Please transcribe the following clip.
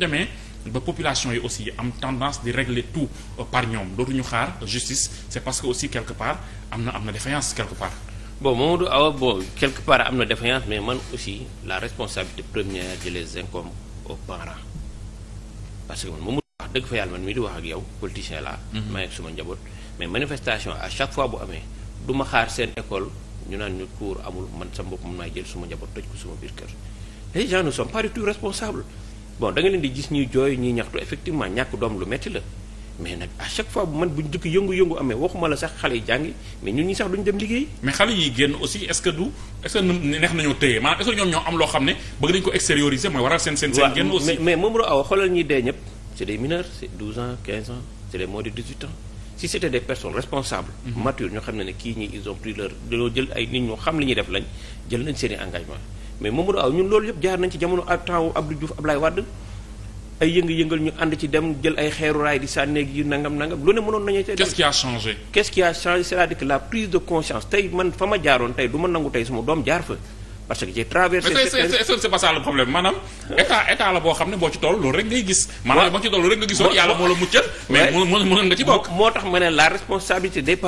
demee ba population yi aussi am tendance di régler tout euh, par ñoom dootuñu xaar justice c'est parce que aussi quelque part am na am na défaillance quelque part bon Mamadou Awa bon quelque part am na défaillance mais man aussi la responsabilité première de les incombe aux parents parce que man Mamadou wax dëgg fa yàlla man mii di wax ak yow politicien laa mhm. maa ngi suma njaboot mais manifestation à chaque fois bu amee du ma xaar seen école ñu naan ñu cours amul man sa bopp mën naa jël suma njaboot toj ko suma biir kër eh, bon da nga leen di gis ñuy jooy ñuy ñaxtu effectivement ñàkk doom lu metti la mais nag à chaque fois bu man bu njëkk yëngu-yëngu amee waxuma la sax xale yi jàngi mais ñun ñi sax duñ dem liggéey. mais xale yi génn aussi est-ce que du est-ce que neex nañoo téye maanaam est-ce que am loo aw xoolal ñuy dee ñëpp c'est des mineurs c'est 12 ans 15 ans c'est des moins de 18 ans si c'était des personnes responsables mhm. matures ñoo xam ne ne kii ñi ils ont pris leur dañoo jël ay nit ñoo xam mais Mamadou Aw ñun loolu yëpp jaar nañ ci jamono ab temps Abdou Diouf Ablaye Wade ay yëngu-yëngal ñu ànd ci dem jël ay xeeru raay di sànneeg yu nangam nangam lu ne mënoon nañu. qu'est-ce qui a changé. qu'est-ce qui a changé c'est-à-dire la prise de conscience tey man fa ma jaaroon tey du ma nangu tey suma doom jaar fa. parce que j'ai traversé. mais c'est c'est c'est pas problème maanaam état état la boo xam ne boo ci toll loolu rek ngay gis. maanaam boo ci toll loolu rek bokk. moo tax ma ne la responsabilité des